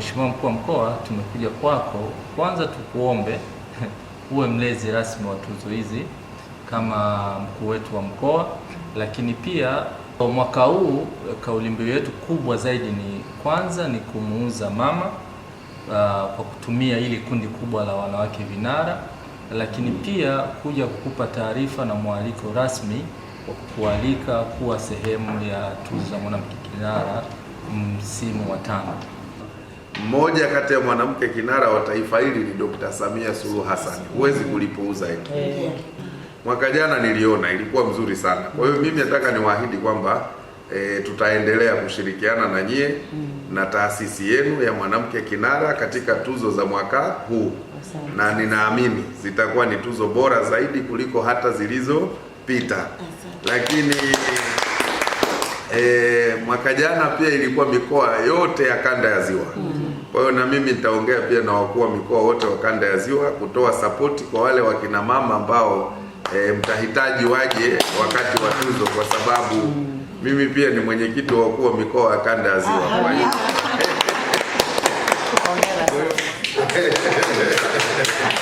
Mheshimiwa Mkuu wa Mkoa, tumekuja kwako kwanza tukuombe uwe mlezi rasmi wa tuzo hizi kama mkuu wetu wa mkoa, lakini pia kwa mwaka huu kauli mbiu yetu kubwa zaidi ni kwanza ni kumuuza mama uh, kwa kutumia ili kundi kubwa la wanawake vinara, lakini pia kuja kukupa taarifa na mwaliko rasmi wa kukualika kuwa sehemu ya tuzo za mwanamke kinara msimu wa tano mmoja kati ya mwanamke kinara wa taifa hili ni Dr. Samia Suluhu Hassan. Huwezi kulipuuza hilo. Eh. Mwaka jana niliona ilikuwa mzuri sana. Kwa hiyo mimi nataka niwaahidi kwamba e, tutaendelea kushirikiana na nyie mm. na taasisi yenu ya mwanamke kinara katika tuzo za mwaka huu, na ninaamini zitakuwa ni tuzo bora zaidi kuliko hata zilizopita, lakini e, mwaka jana pia ilikuwa mikoa yote ya kanda ya ziwa mm. Kwa hiyo na mimi nitaongea pia na wakuu wa mikoa wote wa kanda ya ziwa kutoa sapoti kwa wale wakina mama ambao e, mtahitaji waje wakati wa tuzo, kwa sababu mm. mimi pia ni mwenyekiti wa wakuu wa mikoa ya kanda ya ziwa kwa ah, hiyo